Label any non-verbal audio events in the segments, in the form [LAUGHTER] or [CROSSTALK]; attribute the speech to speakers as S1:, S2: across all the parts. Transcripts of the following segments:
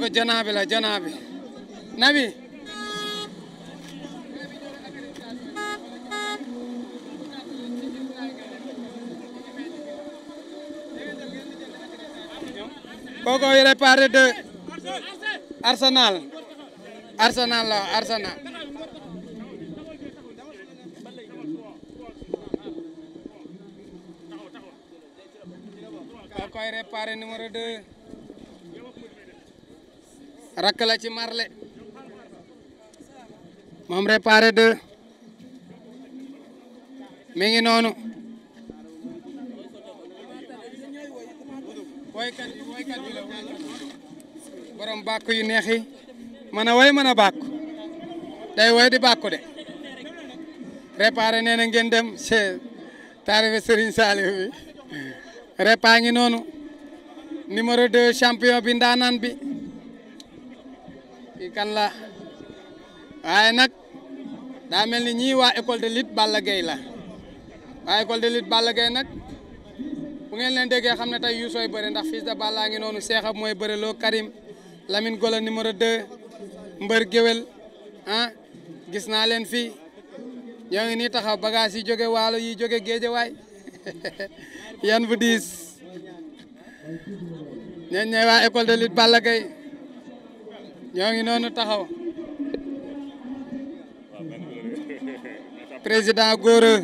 S1: kooku janaa bi la janaa bi nabi kooku il est de Arsenal Arsenal la Arsenal kooku il est parti numéro 2 rakk ci marle moom réparé deux mi ngi noonu woykat bi yu neex yi mën a woy mën a bàkku day woy di bàkku de réparé nee na ngeen dem ci taarife Serigne Saliou bi répa noonu numéro deux champion bi ndaanaan bi kii kan la waaye nag daa mel ni ñii waa école de lutte Balla Gaye la waa école de lutte Balla Gaye nag bu ngeen leen déggee xam ne tey yuusooy bëre ndax fils de Balla ngi noonu seexab mooy bëre loo Karim Lamine Gola numéro de mbër géwél ah gis naa leen fii ñoo ngi nii taxaw bagage yi jóge waalo yi jóge géejawaay [LAUGHS] yan bu diis ñeen ñooy école de lutte Balla ñoo ngi noonu taxaw président Gora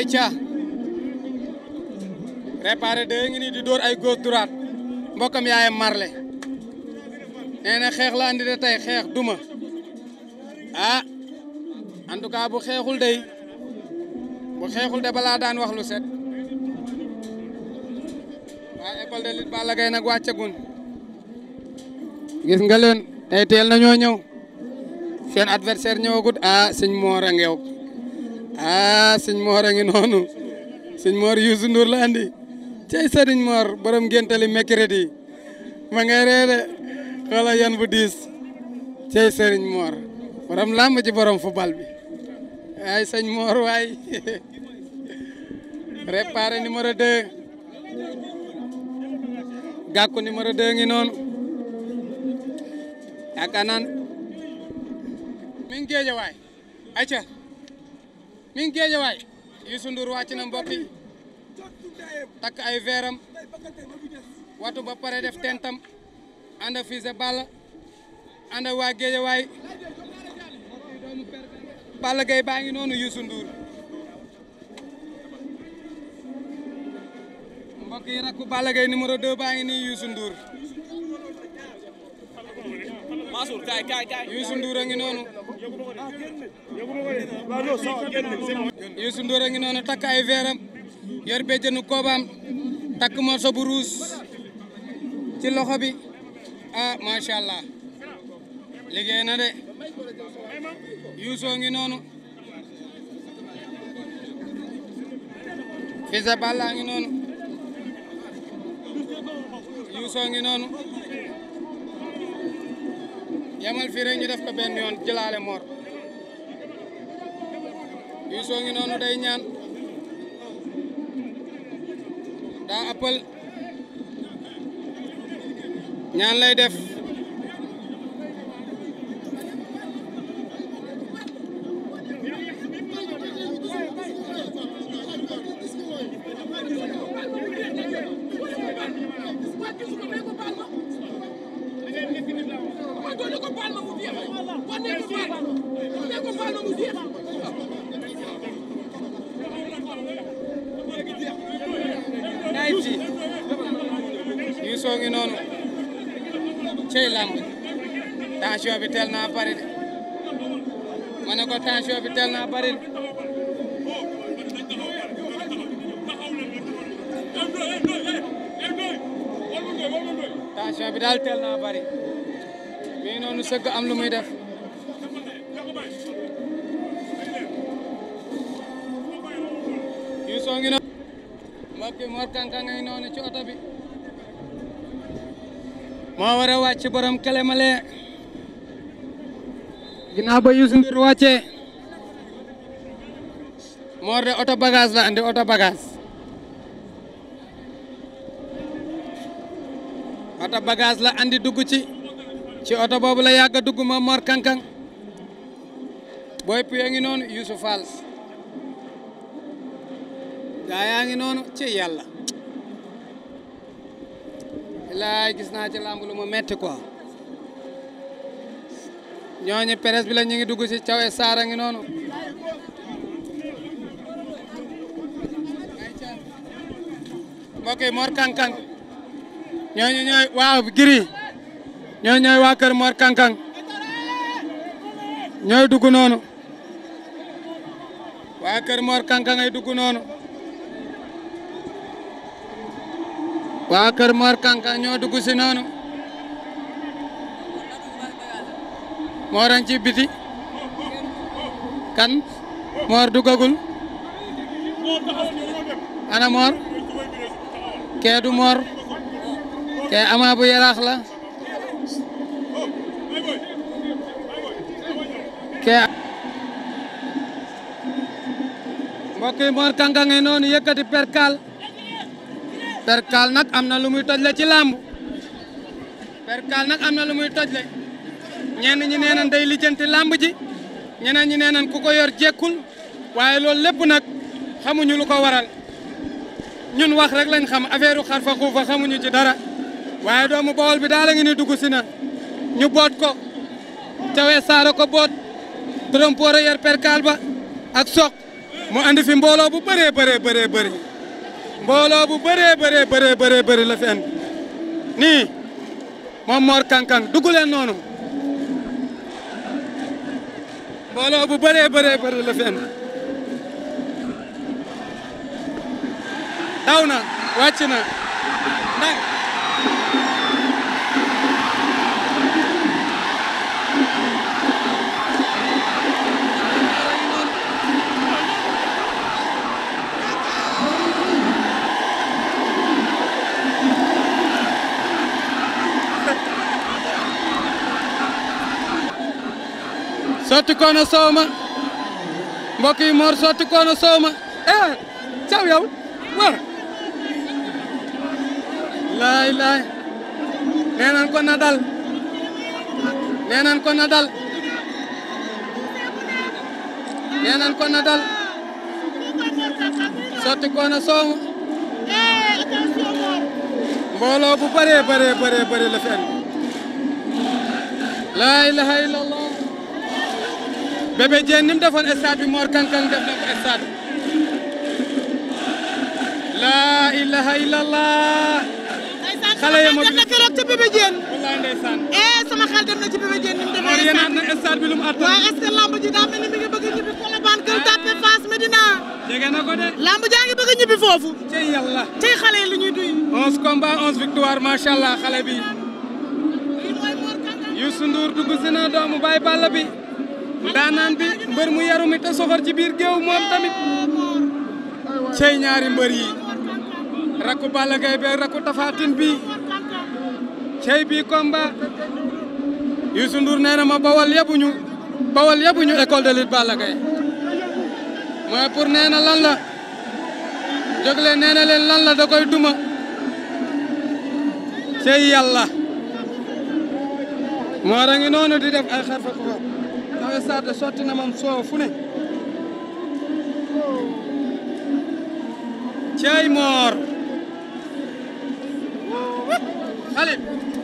S1: ay ca réparé de ngi di dóor ay góor droite mbokkam yaayam marle nee xeex la andi de tey xeex duma ah en tout cas bu xeexul day bu xeexul de balaa daan wax lu set waa école de lutte Balla Gaye nag gis nga leen tey teel na ñoo ñëw adversaire ñëwagut ah sëñ Mor a ngeew ah sëñ Mor a ngi noonu sëñ Mor Youssou Ndour la andi cey sëriñ Mor borom géntali mercredi ma ngay reede yan bu diis cey sëriñ Mor borom làmb ci borom football ay sëñ Mor waay [LAUGHS] réparé numéro 2 gàkku numéro 2 ngi noonu yaakaar naan mi ngi géej mi ngi géejawaay Youssou Ndour wàcc na mbokk yi takk ay veeram watu ba pare def tentam ànd ak Fils de Balla ànd waa géejawaay Balla Gaye baa ngi noonu Youssou Ndour mbokk yi rakku Balla Gaye numéro 2 baa ngi nii Youssou Mansour kaay kaay kaay. ngi noonu. Youssou Ndour ngi noonu takk ay veeram yor béjjënu koobaam takk morso bu ci loxo bi ah macha allah liggéey na de Youssou ngi noonu. Fils Balla ngi noonu. Youssou ngi noonu. yamal fii rek ñu def ko benn yoon jëlaale moor Youssou day ñaan daa apël ñaan lay def naayib ji Youssou ngi noonu cey lamb tension bi tel naa bari de ko tension bi tel naa bari de bi daal tel naa bari mi noonu sëgg am lu muy def bi Mor Kanka ci oto bi moo war a wàcc borom Kélémalé ginnaaw ba Youssou Ndour wàccee Mor de oto bagage la andi oto bagage oto bagage la andi dugg ci ci oto boobu la yàgg a dugg ma Mor booy puye ngi noonu Youssou gaa yaa ngi noonu ci yàlla laay gis naa ci làmb lu ma metti quoi ñooñu presse bi la ñu ngi dugg ci caw saara ngi noonu mbokk yi Mor Kang Kang ñooñu ñooy waaw ñooñu waa kër Mor Kang ñooy dugg noonu waa kër Mor Kang Kang ay noonu waa Kër Mor Kanka ñoo dugg si noonu Mor kan Mor duggagul ana Mor kee du Mor kee Ama bu Yaraax kee mbokk yi Mor Kanka ngay perkaal perkaal nag am na lu muy toj la ci làmb perkaal nag am na lu muy toj la ñenn ñi nee day lijjanti làmb ji ñeneen ñi nee nañ ku ko yor jekkul waaye lool lépp nag xamuñu lu ko waral ñun wax rek lañ xam affaire u xar fa xuufa xamuñu ci dara waaye doomu Bawol bi daal la ngi ni dugg si ñu boot ko cawee saara ko boot trompoor a perkaal ba ak soq mu andi fi mbooloo bu bëree bëree bëree bëri mbooloo bu bëree bëree bëree bëree bëri la fi nii moom Mor Kang noonu mbooloo bu bëree bëree bëri la na wàcc na sotti koona soow ma mbokk moor sotti koona soow ma eh caw laay laay nee nan ko na dal nee nan ko na dal nee ko na dal sotti koona soow mbooloo bu bëree bëree bëree bëri la fi andi Bébé Diène ni defoon stade bi Mor Kankang def na ko laa ilaha illallah. xale ya ma bind Bébé Diène. wallaay eh, sama xel dem na ci Bébé Diène ni mu demee. stade na bi lu mu attan. waaye est-ce que lamb ji daa mel ni a ñibbi Colobane Gueule Tapée Fass Médina. jege na ko a ñibbi foofu. cey yàlla cey xale yi li duy. 11 combats 11 victoires macha allah bi. Youssou Ndour dugg si na doomu Baye Balla bi. ndaanaan bi mbër mu yaru mi te ci biir géew moom tamit cey ñaari mbër yi rakku Balla Gaye bi ak rakku Tapha Tine bi cey bii combat Youssou Ndour nee ma bawal yabuñu yabuñu école de lutte Balla Gaye mooy pour nee lan la jógle nee na leen lan la da duma cey yàlla moo rangi noonu di def ay xarfa ko Alioune Sarr sotti na moom soow cey moor xale